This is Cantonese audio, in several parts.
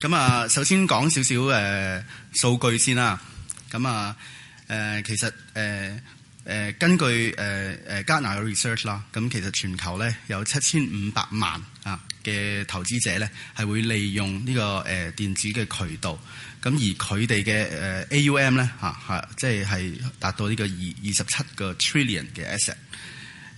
咁啊，首先講少少誒數據先啦。咁啊，誒，其實誒誒，根據誒誒加拿大嘅 research 啦，咁其實全球咧有七千五百萬啊嘅投資者咧係會利用呢個誒電子嘅渠道。咁而佢哋嘅誒 AUM 咧吓吓，即係係達到呢個二二十七個 trillion 嘅 asset。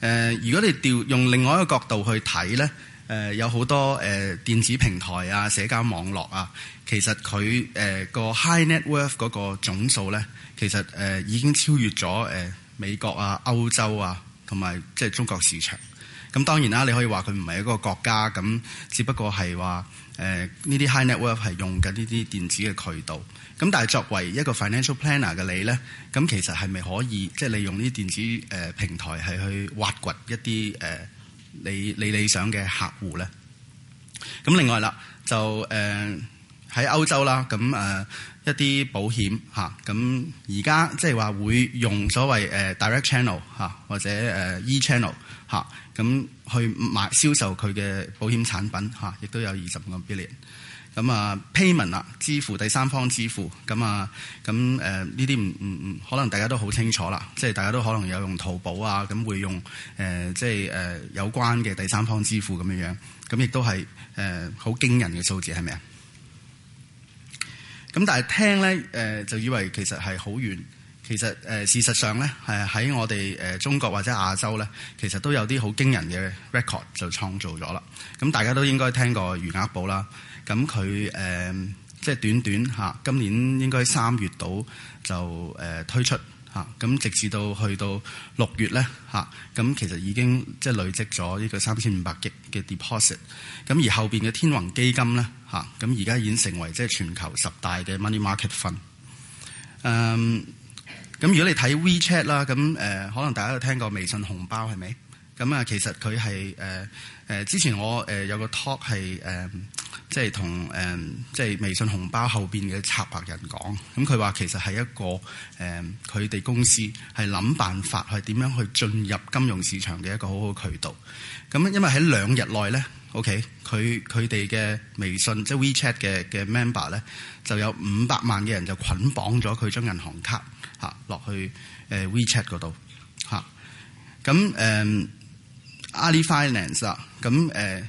誒，如果你調用另外一個角度去睇咧。誒、呃、有好多誒、呃、電子平台啊、社交網絡啊，其實佢誒個 High Net Worth 嗰個總數咧，其實誒、呃、已經超越咗誒、呃、美國啊、歐洲啊，同埋即係中國市場。咁當然啦，你可以話佢唔係一個國家，咁只不過係話誒呢啲 High Net Worth 係用緊呢啲電子嘅渠道。咁但係作為一個 Financial Planner 嘅你呢，咁其實係咪可以即係利用呢啲電子誒、呃、平台係去挖掘一啲誒？呃你你理想嘅客戶咧，咁另外啦，就誒喺、呃、歐洲啦，咁、呃、誒一啲保險咁而家即係話會用所謂誒 direct channel 吓、啊、或者誒 e channel 咁、啊、去買銷售佢嘅保險產品亦、啊、都有二十個 billion。咁啊，payment 啊，Pay ment, 支付第三方支付咁啊，咁誒呢啲唔唔唔，可能大家都好清楚啦，即係大家都可能有用淘寶啊，咁會用誒、呃、即係誒、呃、有關嘅第三方支付咁樣樣，咁亦都係誒好驚人嘅數字，係咪啊？咁但係聽咧誒、呃、就以為其實係好遠，其實誒、呃、事實上咧係喺我哋誒中國或者亞洲咧，其實都有啲好驚人嘅 record 就創造咗啦。咁大家都應該聽過餘額寶啦。咁佢即係短短、啊、今年應該三月到就、呃、推出咁、啊、直至到去到六月咧咁、啊啊、其實已經即係、就是、累積咗呢個三千五百億嘅 deposit、啊。咁而後邊嘅天弘基金咧咁而家已經成為即係全球十大嘅 money market fund、啊。咁如果你睇 WeChat 啦、啊，咁、啊、可能大家都聽過微信紅包係咪？咁啊，其實佢係、啊啊、之前我有個 talk 係即係同誒，即係、嗯就是、微信紅包後邊嘅策劃人講，咁佢話其實係一個誒，佢、嗯、哋公司係諗辦法係點樣去進入金融市場嘅一個很好好渠道。咁因為喺兩日內咧，OK，佢佢哋嘅微信即係、就是、WeChat 嘅嘅 member 咧，就有五百萬嘅人就捆綁咗佢張銀行卡嚇落去誒 WeChat 嗰度嚇。咁誒，Ali Finance 啊，咁誒。呃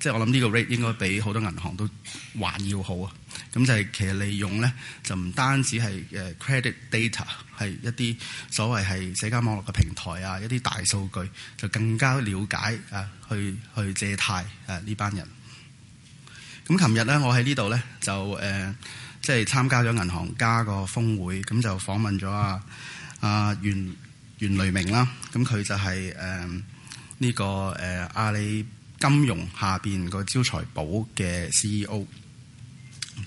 即係我諗呢個 rate 應該比好多銀行都還要好啊！咁就係其實利用咧，就唔單止係誒 credit data 係一啲所謂係社交網絡嘅平台啊，一啲大數據就更加了解啊，去去借貸啊呢班人。咁琴日咧，我喺呢度咧就誒，即係參加咗銀行家個峰會，咁就訪問咗啊啊袁袁雷明啦。咁佢就係誒呢個誒阿里。啊金融下邊個招財寶嘅 CEO，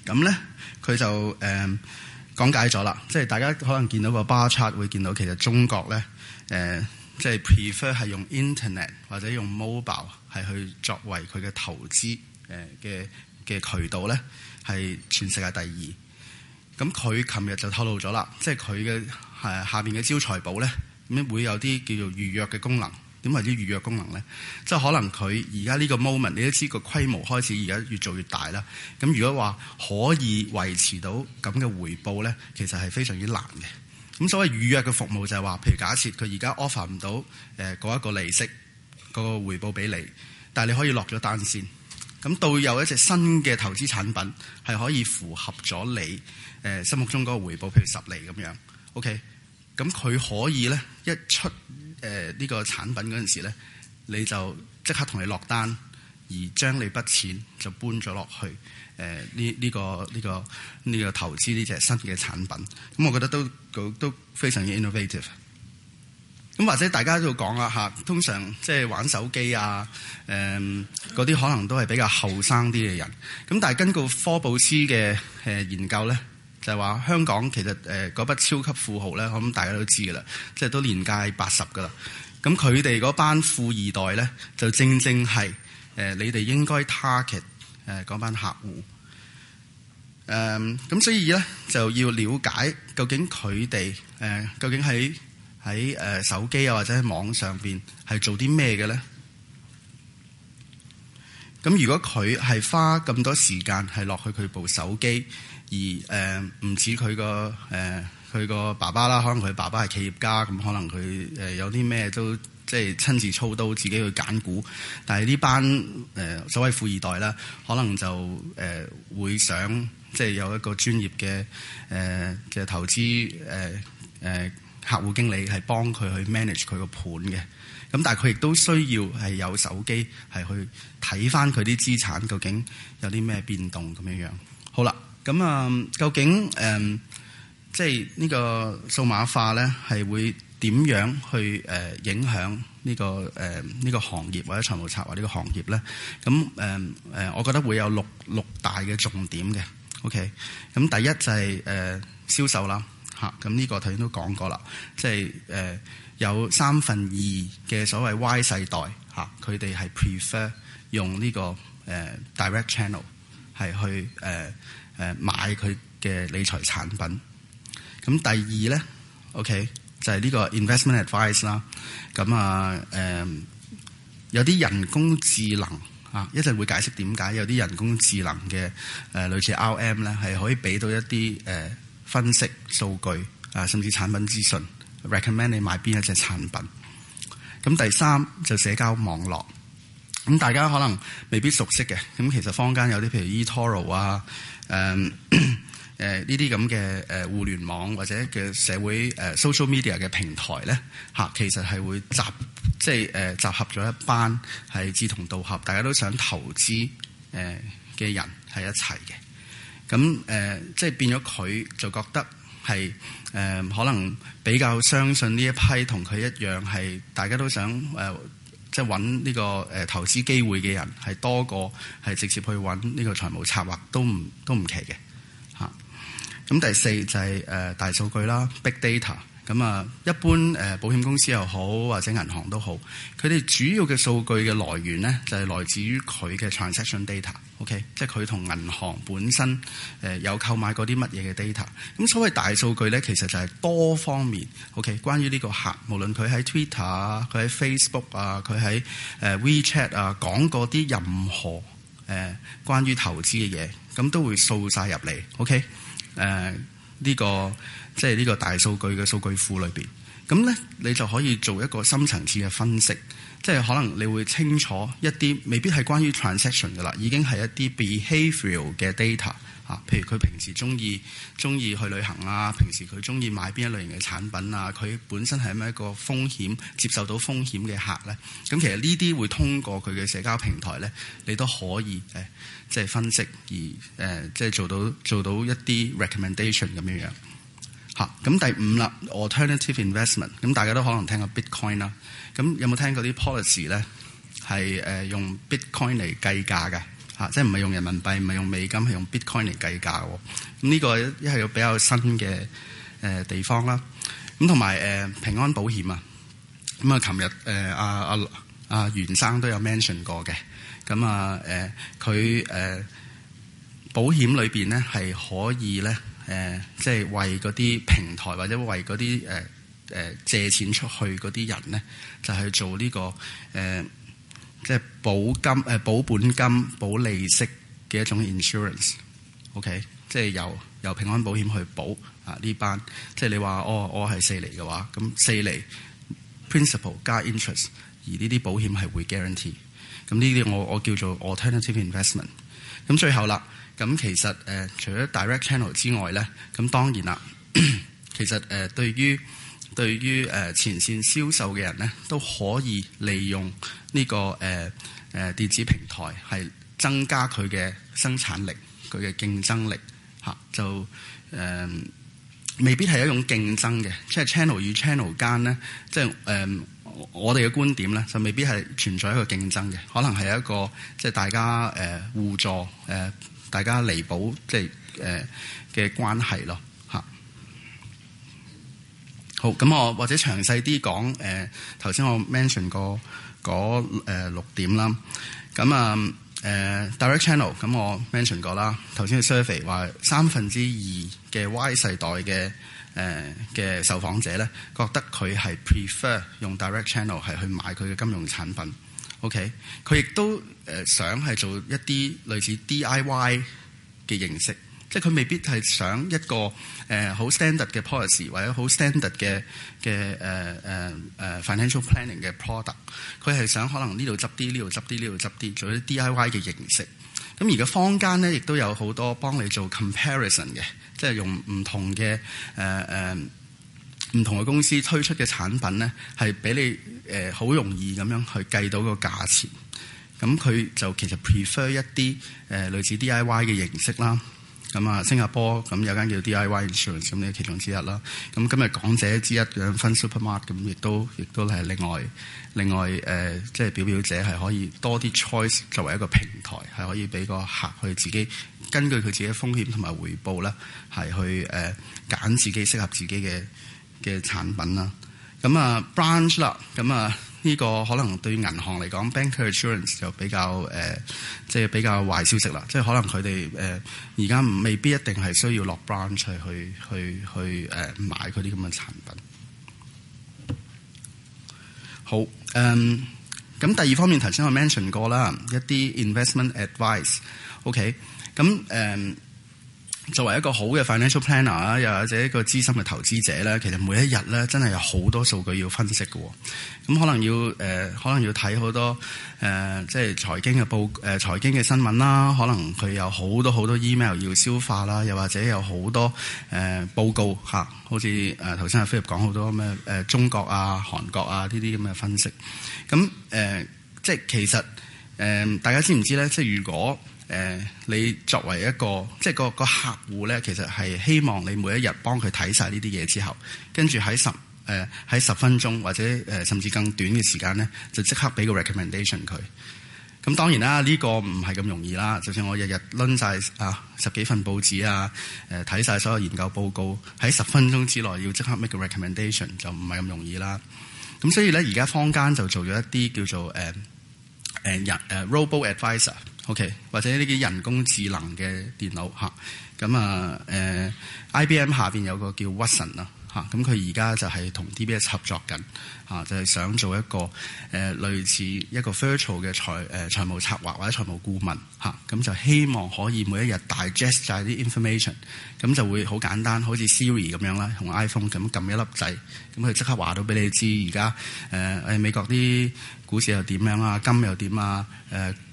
咁咧佢就誒講、呃、解咗啦，即係大家可能見到個 bar chart 會見到，其實中國咧誒即、呃、係、就是、prefer 係用 internet 或者用 mobile 係去作為佢嘅投資誒嘅嘅渠道咧，係全世界第二。咁佢琴日就透露咗啦，即係佢嘅誒下邊嘅招財寶咧，咁樣會有啲叫做預約嘅功能。點為啲預約功能呢？即係可能佢而家呢個 moment，你都知個規模開始而家越做越大啦。咁如果話可以維持到咁嘅回報呢，其實係非常之難嘅。咁所謂預約嘅服務就係話，譬如假設佢而家 offer 唔到誒嗰一個利息、嗰個回報俾你，但係你可以落咗單先。咁到有一隻新嘅投資產品係可以符合咗你誒心目中嗰個回報，譬如十厘咁樣，OK？咁佢可以咧一出誒呢個產品嗰陣時咧，你就即刻同你落單，而將你筆錢就搬咗落去誒呢呢個呢個呢個投資呢隻新嘅產品。咁我覺得都都非常之 innovative。咁或者大家就講啦吓，通常即係玩手機啊誒嗰啲，呃、那些可能都係比較後生啲嘅人。咁但係根據科布斯嘅誒研究咧。就係話香港其實誒嗰筆超級富豪咧，我諗大家都知嘅啦，即係都年屆八十嘅啦。咁佢哋嗰班富二代咧，就正正係誒、呃、你哋應該 target 誒、呃、嗰班客戶。誒、呃、咁所以咧就要了解究竟佢哋誒究竟喺喺誒手機啊或者喺網上邊係做啲咩嘅咧？咁如果佢係花咁多時間係落去佢部手機。而誒唔似佢個誒佢個爸爸啦，可能佢爸爸係企業家，咁可能佢、呃、有啲咩都即係親自操刀，自己去揀股。但係呢班誒、呃、所謂富二代啦，可能就誒、呃、會想即係有一個專業嘅誒嘅投資誒誒客戶經理係幫佢去 manage 佢個盤嘅。咁但係佢亦都需要係有手機係去睇返佢啲資產究竟有啲咩變動咁樣樣。好啦。咁啊，究竟誒，即係呢個數碼化咧，係會點樣去誒影響呢、呢個誒呢、嗯呢個行業或者財務策劃呢個行業咧？咁誒誒，我覺得會有六六大嘅重點嘅。OK，咁第一就係誒銷售啦，吓、啊，咁呢個頭先都講過啦，即係誒有三分二嘅所謂 Y 世代，吓，佢、啊、哋係 prefer 用呢、呢個誒、啊、direct channel 係去誒。啊誒買佢嘅理財產品，咁第二呢，OK 就係呢個 investment advice 啦。咁啊，嗯、有啲人工智能啊，一陣會解釋點解有啲人工智能嘅誒、啊、類似 Rm 呢，係可以俾到一啲、啊、分析數據啊，甚至產品資訊 recommend 你買邊一隻產品。咁、啊、第三就社交網絡，咁、啊、大家可能未必熟悉嘅。咁、啊、其實坊間有啲譬如 eToro 啊。誒誒呢啲咁嘅誒互聯網或者嘅社會誒 social media 嘅平台咧嚇，其實係會集即係誒集合咗一班係志同道合，大家都想投資誒嘅人喺一齊嘅。咁誒、呃、即係變咗佢就覺得係誒、呃、可能比較相信呢一批同佢一樣係大家都想誒。呃即係揾呢個誒投資機會嘅人係多過係直接去揾呢個財務策劃都唔都唔奇嘅嚇。咁、啊、第四就係、是、誒、呃、大數據啦，big data。咁啊，一般誒、呃、保險公司又好或者銀行都好，佢哋主要嘅數據嘅來源咧就係、是、來自於佢嘅 transaction data。OK，即係佢同銀行本身誒、呃、有購買過啲乜嘢嘅 data。咁所謂大數據呢，其實就係多方面。OK，關於呢個客，無論佢喺 Twitter 啊，佢喺 Facebook 啊，佢喺誒、呃、WeChat 啊，講過啲任何誒、呃、關於投資嘅嘢，咁都會掃晒入嚟。OK，誒、呃、呢個即係呢個大數據嘅數據庫裏邊，咁呢，你就可以做一個深層次嘅分析。即係可能你會清楚一啲未必係關於 transaction 㗎啦，已經係一啲 behavioral 嘅 data 吓，譬如佢平時中意中意去旅行啊，平時佢中意買邊一類型嘅產品啊，佢本身係咩一個風險接受到風險嘅客咧？咁其實呢啲會通過佢嘅社交平台咧，你都可以呃即係分析而、呃、即係做到做到一啲 recommendation 咁樣樣。咁第五啦，alternative investment，咁大家都可能聽過 bitcoin 啦。咁有冇聽過啲 policy 咧？係用 bitcoin 嚟計價嘅嚇，即係唔係用人民幣，唔係用美金，係用 bitcoin 嚟計價。咁、這、呢個是一係有比較新嘅地方啦。咁同埋平安保險啊。咁啊，琴日阿阿阿袁生都有 mention 過嘅。咁啊佢、啊啊、保險裏面咧係可以咧。誒，即係、呃就是、為嗰啲平台或者為嗰啲誒誒借錢出去嗰啲人咧，就係、是、做呢、這個誒，即係保金誒保、呃、本金保利息嘅一種 insurance、okay。OK，即係由由平安保險去保啊呢班。即、就、係、是、你話、哦、我我係四厘嘅話，咁四厘 principal 加 interest，而呢啲保險係會 guarantee。咁呢啲我我叫做 alternative investment。咁最後啦。咁其實誒、呃，除咗 direct channel 之外咧，咁當然啦，其實誒、呃、對於對於誒前線銷售嘅人咧，都可以利用呢、這個誒誒、呃呃、電子平台，係增加佢嘅生產力、佢嘅競爭力嚇、啊，就誒、呃、未必係一種競爭嘅，即、就、係、是、channel 與 channel 間咧，即係誒我哋嘅觀點咧，就未必係存在一個競爭嘅，可能係一個即係、就是、大家誒、呃、互助誒。呃大家彌補即係誒嘅關係咯，嚇。好，咁我或者詳細啲講誒，頭、呃、先我 mention 過嗰、呃、六點啦。咁啊誒、呃、direct channel，咁我 mention 過啦。頭先嘅 survey 話三分之二嘅 Y 世代嘅誒嘅受訪者咧，覺得佢係 prefer 用 direct channel 係去買佢嘅金融產品。OK，佢亦都誒想係做一啲類似 DIY 嘅形式，即係佢未必係想一個誒好、呃、standard 嘅 policy 或者好 standard 嘅嘅、呃啊啊、financial planning 嘅 product，佢係想可能呢度執啲，呢度執啲，呢度執啲，做啲 DIY 嘅形式。咁而家坊間咧亦都有好多幫你做 comparison 嘅，即係用唔同嘅誒、呃呃唔同嘅公司推出嘅產品咧，係俾你誒好、呃、容易咁樣去計到個價錢。咁佢就其實 prefer 一啲誒、呃、類似 DIY 嘅形式啦。咁啊，新加坡咁有間叫 DIY Insurance，咁你其中之一啦。咁今日講者之一嘅 Fundsupermart，咁亦都亦都係另外另外誒，即、呃、係、就是、表表者係可以多啲 choice 作為一個平台，係可以俾個客去自己根據佢自己風險同埋回報啦，係去誒揀、呃、自己適合自己嘅。嘅產品啦，咁啊 branch 啦，咁啊呢、這個可能對銀行嚟講 bancassurance 就比較誒，即、呃、係、就是、比較壞消息啦，即、就、係、是、可能佢哋誒而家未必一定係需要落 branch 去去去誒、呃、買嗰啲咁嘅產品。好，誒、嗯、咁第二方面頭先我 mention 過啦，一啲 investment advice，OK，、okay，咁誒。嗯作為一個好嘅 financial planner 啊，又或者一個資深嘅投資者咧，其實每一日咧真係有好多數據要分析嘅，咁可能要、呃、可能要睇好多誒、呃，即係財經嘅報誒財、呃、經嘅新聞啦，可能佢有好多好多 email 要消化啦，又或者有好多誒、呃、報告嚇，好似誒頭先阿 Philip 講好多咩誒中國啊、韓國啊呢啲咁嘅分析，咁、呃、即係其實誒、呃、大家知唔知咧？即係如果。誒、呃，你作為一個即係個個客戶咧，其實係希望你每一日幫佢睇晒呢啲嘢之後，跟住喺十誒喺、呃、十分鐘或者誒、呃、甚至更短嘅時間咧，就即刻俾個 recommendation 佢。咁、嗯、當然啦，呢、這個唔係咁容易啦。就算我日日攆晒啊十幾份報紙啊，誒睇晒所有研究報告，喺十分鐘之內要即刻 make 個 recommendation 就唔係咁容易啦。咁、嗯、所以咧，而家坊間就做咗一啲叫做誒誒、啊、人、啊啊啊、Robo Advisor。OK，或者呢啲人工智能嘅電腦咁啊，啊 IBM 下面有個叫 Watson 啊，咁佢而家就係同 DBS 合作緊、啊、就係、是、想做一個誒、啊、類似一個 virtual 嘅、啊、財誒財務策劃或者財務顧問咁、啊、就希望可以每一日 digest 晒啲 information，咁、啊、就會好簡單，好似 Siri 咁樣啦，同 iPhone 咁撳一粒掣，咁佢即刻話到俾你知而家誒美國啲股市又點樣啊，金又點啊，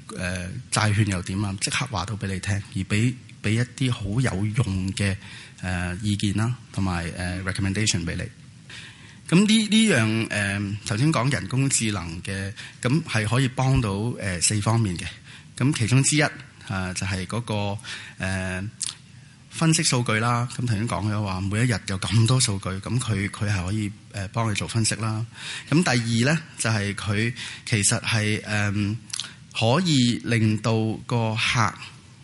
誒、呃、債券又點啊？即刻話到俾你聽，而俾俾一啲好有用嘅誒、呃、意見啦，同埋、呃、recommendation 俾你。咁呢呢樣誒頭先講人工智能嘅，咁係可以幫到、呃、四方面嘅。咁其中之一、啊、就係、是、嗰、那個、呃、分析數據啦。咁頭先講咗話，每一日有咁多數據，咁佢佢係可以誒幫、呃、你做分析啦。咁第二咧，就係、是、佢其實係誒。呃可以令到個客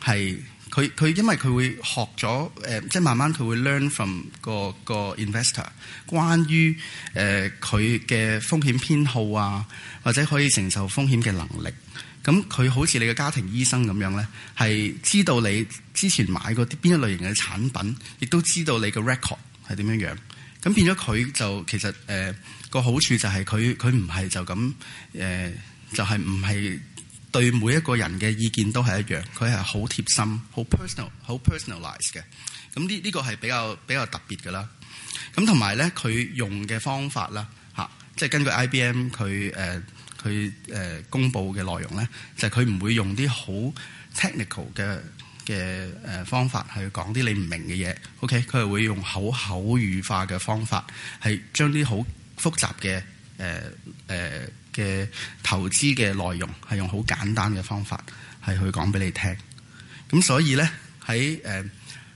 係佢佢，因為佢會學咗誒，即係慢慢佢會 learn from 個個 investor 關於誒佢嘅風險偏好啊，或者可以承受風險嘅能力。咁佢好似你嘅家庭醫生咁樣咧，係知道你之前買過啲邊一類型嘅產品，亦都知道你嘅 record 係點樣樣。咁變咗佢就其實誒個好處就係佢佢唔係就咁誒，就係唔係。對每一個人嘅意見都係一樣，佢係好貼心、好 personal、好 personalized 嘅。咁呢呢個係比較比較特別嘅啦。咁同埋咧，佢用嘅方法啦，嚇，即係根據 IBM 佢誒佢誒公佈嘅內容咧，就係佢唔會用啲好 technical 嘅嘅誒方法去講啲你唔明嘅嘢。OK，佢係會用好口，口語化嘅方法，係將啲好複雜嘅。誒誒嘅投資嘅內容係用好簡單嘅方法係去講俾你聽，咁所以呢，喺誒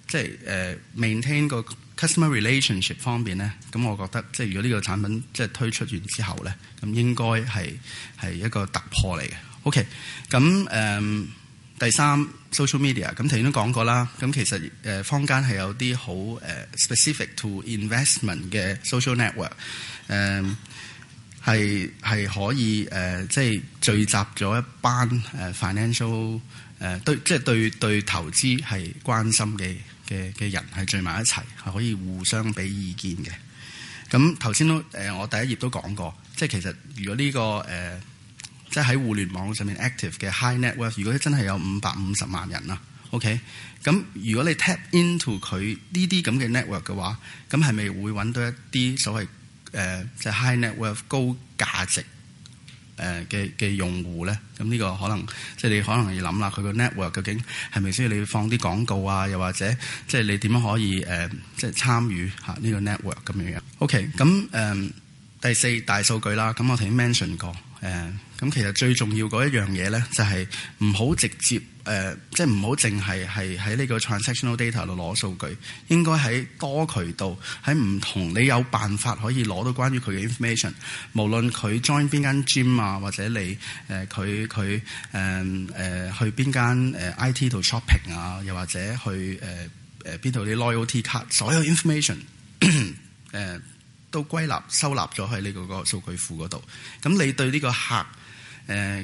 即係誒 maintain 個 customer relationship 方面呢，咁我覺得即係如果呢個產品即係推出完之後呢，咁應該係係一個突破嚟嘅。OK，咁誒、呃、第三 social media，咁頭先都講過啦，咁其實誒坊間係有啲好 specific to investment 嘅 social network 誒、呃。係係可以誒、呃，即係聚集咗一班誒、呃、financial 誒、呃、對，即係對對投資係關心嘅嘅嘅人係聚埋一齊，係可以互相俾意見嘅。咁頭先都誒，我第一頁都講過，即係其實如果呢、這個誒、呃，即係喺互聯網上面 active 嘅 high network，如果真係有五百五十萬人啦，OK，咁如果你 tap into 佢呢啲咁嘅 network 嘅話，咁係咪會揾到一啲所謂？誒，即、呃就是、high net worth 高價值誒嘅嘅用戶咧，咁呢個可能即係、就是、你可能要諗啦，佢個 network 究竟係咪需要你放啲廣告啊，又或者即係、就是、你點樣可以誒即係參與吓呢個 network 咁樣樣 OK，咁、嗯、誒第四大數據啦，咁我頭先 mention 過。誒咁、uh, 其實最重要嗰一樣嘢咧，就係唔好直接誒，即係唔好淨係係喺呢個 transactional data 度攞數據，應該喺多渠道，喺唔同你有辦法可以攞到關於佢嘅 information，無論佢 join 邊間 gym 啊，或者你誒佢佢誒誒去邊間誒 IT 度 shopping 啊，又或者去誒誒邊度啲 loyalty c 卡，uh, card, 所有 information 誒。 uh, 都歸納收納咗喺呢個個數據庫嗰度，咁你對呢個客誒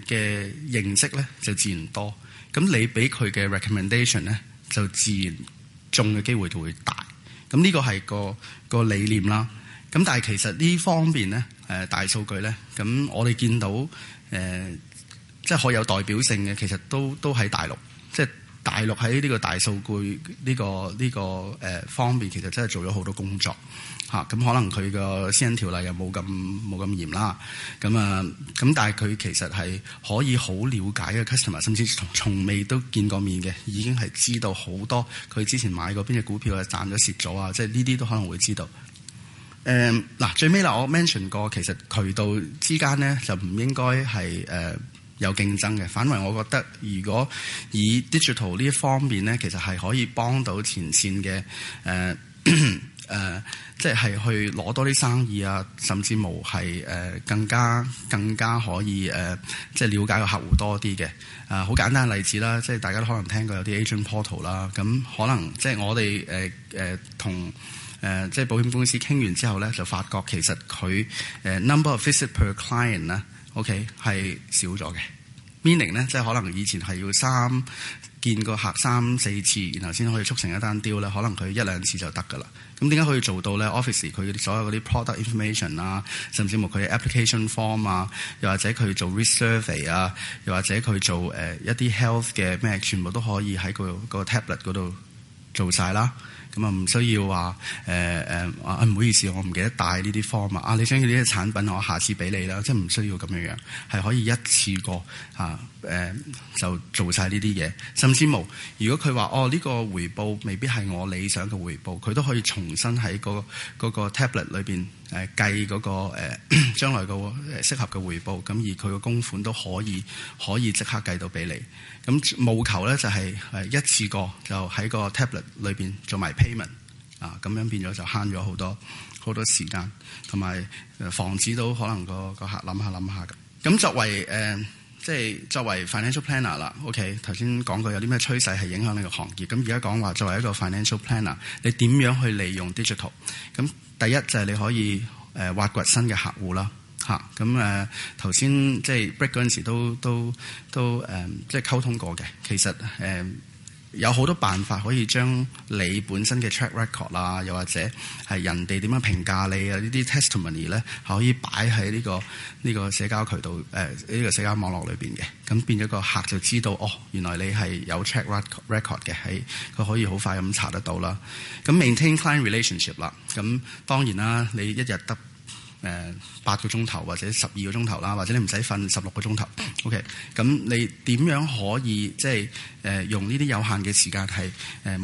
嘅認識咧就自然多，咁你俾佢嘅 recommendation 咧就自然中嘅機會就會大，咁呢個係個個理念啦。咁但係其實呢方面咧誒大數據咧，咁我哋見到誒即係好有代表性嘅，其實都都喺大陸即係。就是大陸喺呢個大數據呢個呢、這個誒、呃、方面，其實真係做咗好多工作嚇。咁、啊、可能佢個私隱條例又冇咁冇咁嚴啦。咁啊，咁、啊、但係佢其實係可以好了解嘅 customer，甚至從從未都見過面嘅，已經係知道好多佢之前買過邊隻股票賺了了啊，賺咗蝕咗啊，即係呢啲都可能會知道。誒、啊、嗱，最尾啦，我 mention 過其實渠道之間呢，就唔應該係誒。呃有競爭嘅，反為我覺得，如果以 digital 呢一方面咧，其實係可以幫到前線嘅誒誒，即係係去攞多啲生意啊，甚至無係、呃、更加更加可以誒、呃，即係了解個客戶多啲嘅。啊、呃，好簡單嘅例子啦，即係大家都可能聽過有啲 agent portal 啦，咁可能即係我哋誒誒同誒、呃、即係保險公司傾完之後咧，就發覺其實佢、呃、number of visit per client 咧。OK 係少咗嘅，meaning 咧即係可能以前係要三見個客三四次，然後先可以促成一單 deal 咧，可能佢一兩次就得㗎啦。咁點解可以做到咧？Office 佢所有啲 product information 啊，甚至乎佢嘅 application form 啊，又或者佢做 research 啊，又或者佢做誒一啲 health 嘅咩，全部都可以喺嗰個 tablet 度。做晒啦，咁啊唔需要話誒誒啊唔好意思，我唔記得帶呢啲方物啊，你想要呢啲產品，我下次俾你啦，即係唔需要咁樣樣係可以一次過嚇、啊呃、就做晒呢啲嘢，甚至冇。如果佢話哦呢、這個回報未必係我理想嘅回報，佢都可以重新喺、那個嗰、那個 tablet 裏邊。誒計嗰個誒將來個適合嘅回報，咁而佢個供款都可以可以即刻計到俾你。咁務求咧就係一次過就喺個 tablet 裏面做埋 payment 啊，咁樣變咗就慳咗好多好多時間，同埋防止到可能個個客諗下諗下咁作為誒。呃即係作為 financial planner 啦，OK，頭先講過有啲咩趨勢係影響你個行業。咁而家講話作為一個 financial planner，你點樣去利用 digital？咁第一就係你可以誒挖掘新嘅客戶啦，嚇、啊。咁頭先即係 break 嗰陣時都都都、嗯、即係溝通過嘅。其實、嗯有好多辦法可以將你本身嘅 track record 啦，又或者係人哋點樣評價你啊呢啲 testimony 咧，係可以擺喺呢個呢、呢個社交渠道呢、呃呢個社交網絡裏面嘅，咁變咗個客就知道哦，原來你係有 track record 嘅，喺佢可以好快咁查得到啦，咁 maintain client relationship 啦，咁當然啦，你一日得。誒八、呃、個鐘頭或者十二個鐘頭啦，或者你唔使瞓十六個鐘頭。OK，咁你點樣可以即係誒用呢啲有限嘅時間係誒、呃、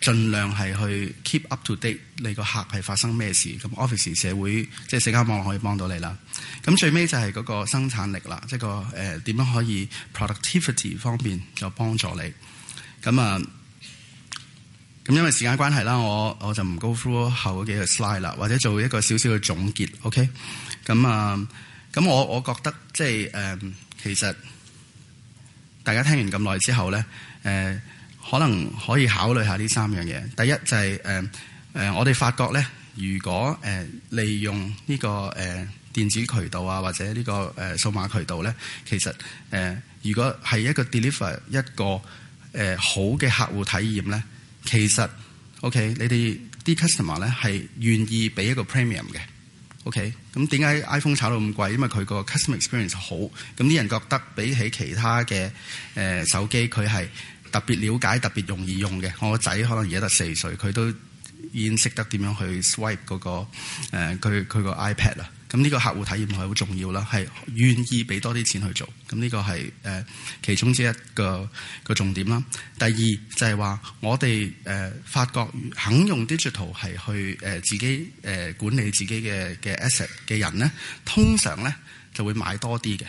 盡量係去 keep up to date 你個客係發生咩事？咁 office 社會即係、就是、社交網絡可以幫到你啦。咁最尾就係嗰個生產力啦，即、就、係、是個誒點、呃、樣可以 productivity 方面就幫助你。咁啊～、呃咁因為時間關係啦，我我就唔 go through 後嗰幾個 slide 啦，或者做一個少少嘅總結。OK，咁、嗯、啊，咁、嗯、我我覺得即係誒、呃，其實大家聽完咁耐之後咧，誒、呃，可能可以考慮下呢三樣嘢。第一就係誒誒，我哋發覺咧，如果誒、呃、利用呢個誒、呃、電子渠道啊，或者呢個誒、呃、數碼渠道咧，其實誒、呃、如果係一個 deliver 一個誒、呃、好嘅客戶體驗咧。其實，OK，你哋啲 customer 咧係願意俾一個 premium 嘅，OK。咁點解 iPhone 炒到咁貴？因為佢個 customer experience 好，咁啲人覺得比起其他嘅手機，佢係特別了解、特別容易用嘅。我個仔可能而家得四歲，佢都已經識得點樣去 swipe 嗰個佢佢個 iPad 啦。咁呢個客戶體驗係好重要啦，係願意俾多啲錢去做。咁、這、呢個係誒其中之一個個重點啦。第二就係、是、話，我哋誒發覺肯用 digital 係去誒自己誒管理自己嘅嘅 asset 嘅人咧，通常咧就會買多啲嘅。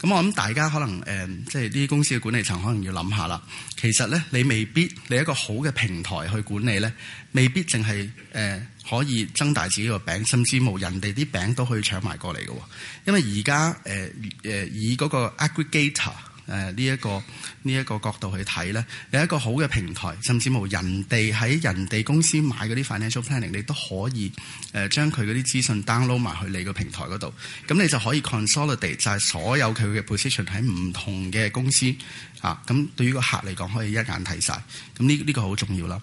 咁我諗大家可能誒，即係呢啲公司嘅管理層可能要諗下啦。其實咧，你未必你一個好嘅平台去管理咧，未必淨係誒。呃可以增大自己個餅，甚至乎人哋啲餅都可以搶埋過嚟嘅。因為而家誒誒以嗰個 aggregator 誒、呃、呢一個呢一個角度去睇咧，有一個好嘅平台，甚至乎人哋喺人哋公司買嗰啲 financial planning，你都可以誒、呃、將佢嗰啲資訊 download 埋去你個平台嗰度，咁你就可以 consolidate 就係所有佢嘅 position 喺唔同嘅公司啊。咁對於個客嚟講，可以一眼睇晒，咁呢呢個好、這個、重要啦。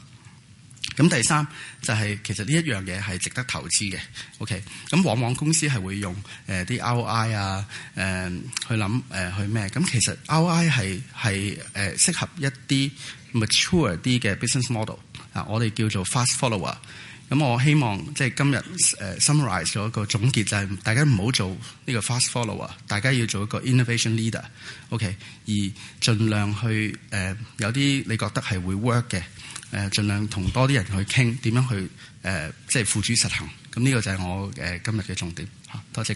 咁第三就係、是、其實呢一樣嘢係值得投資嘅，OK？咁往往公司係會用誒啲、呃、ROI 啊，誒、呃、去諗誒、呃、去咩？咁其實 ROI 係係誒適合一啲 mature 啲嘅 business model 啊，我哋叫做 fast follower。咁我希望即係、就是、今日 summarize 咗一個總結就係、是、大家唔好做呢個 fast follower，大家要做一個 innovation leader，OK？、OK？而盡量去誒、呃、有啲你覺得係會 work 嘅。誒，盡量同多啲人去傾，點樣去誒，即係付諸實行。咁呢個就係我誒今日嘅重點吓。多謝各位。